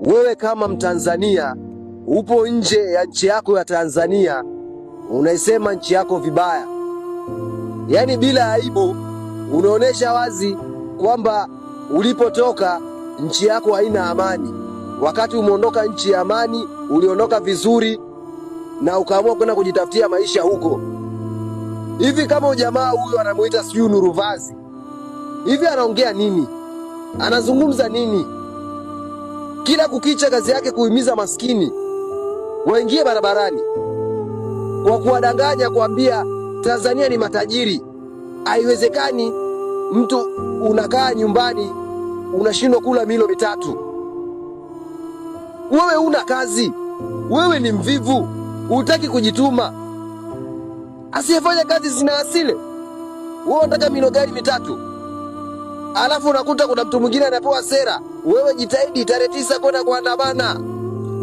wewe kama Mtanzania upo nje ya nchi yako ya Tanzania, unaisema nchi yako vibaya, yaani bila aibu, unaonesha wazi kwamba ulipotoka nchi yako haina amani, wakati umeondoka nchi ya amani, uliondoka vizuri na ukaamua kwenda kujitafutia maisha huko. Hivi kama ujamaa huyu anamuita sijui Nuruvazi, hivi anaongea nini? Anazungumza nini? Kila kukicha kazi yake kuhimiza maskini waingie barabarani kwa kuwadanganya, kuambia Tanzania ni matajiri. Haiwezekani mtu unakaa nyumbani unashindwa kula milo mitatu, wewe una kazi, wewe ni mvivu, hutaki kujituma. Asiyefanya kazi zina asile, wewe unataka milo gari mitatu? alafu unakuta kuna mtu mwingine anapewa sera. Wewe jitahidi tarehe tisa kwenda kuandamana.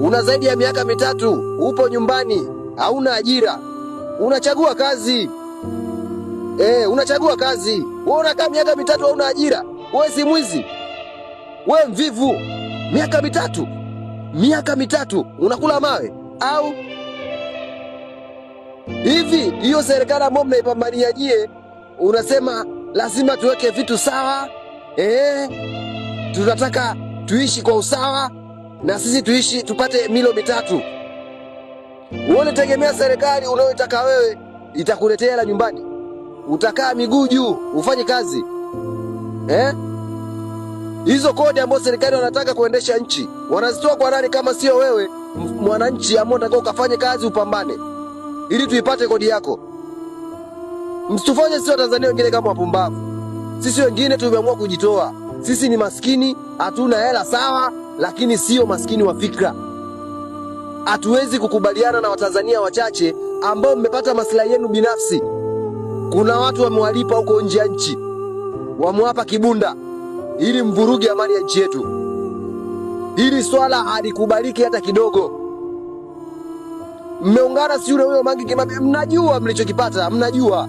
Una zaidi ya miaka mitatu, upo nyumbani, hauna ajira, unachagua kazi e, unachagua kazi. Wewe unakaa miaka mitatu hauna ajira, wewe si mwizi? Wewe mvivu! Miaka mitatu, miaka mitatu unakula mawe au hivi? Hiyo serikali ambayo mnaipambaniajie unasema lazima tuweke vitu sawa eh. Tunataka tuishi kwa usawa, na sisi tuishi tupate milo mitatu. Uone tegemea serikali unayotaka wewe itakuletea hela nyumbani, utakaa miguu juu ufanye kazi eh? Hizo kodi ambazo serikali wanataka kuendesha nchi wanazitoa kwa nani kama sio wewe mwananchi, ambao unataka ukafanye kazi upambane ili tuipate kodi yako. Msitufanye sisi Watanzania wengine kama wapumbavu. Sisi wengine tumeamua kujitoa. Sisi ni maskini, hatuna hela sawa, lakini siyo maskini wa fikra. Hatuwezi kukubaliana na Watanzania wachache ambao mmepata maslahi yenu binafsi. Kuna watu wamewalipa huko nje ya nchi, wamewapa kibunda ili mvuruge amani ya nchi yetu. Hili swala halikubaliki hata kidogo. Mmeungana si yule huyo Mange Kimambi, mnajua mlichokipata, mnajua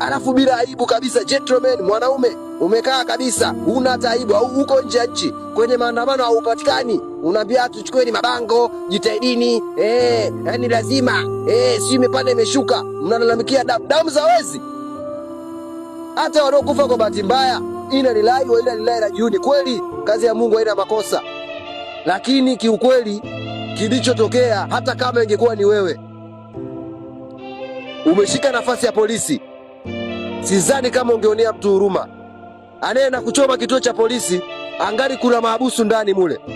alafu bila aibu kabisa, gentleman, mwanaume umekaa kabisa, una taibu au uko nje ya nchi kwenye maandamano haupatikani, unaambia tuchukueni mabango, jitahidini, eh, yani lazima eh, si imepanda imeshuka, mnalalamikia damu damu za wezi, hata wanaokufa kwa bahati mbaya. Ina lilahi wa ina lilahi rajiuni. Kweli kazi ya Mungu haina makosa, lakini kiukweli kilichotokea, hata kama ingekuwa ni wewe umeshika nafasi ya polisi Sidhani kama ungeonea mtu huruma. Anaye na kuchoma kituo cha polisi, angali kuna maabusu ndani mule.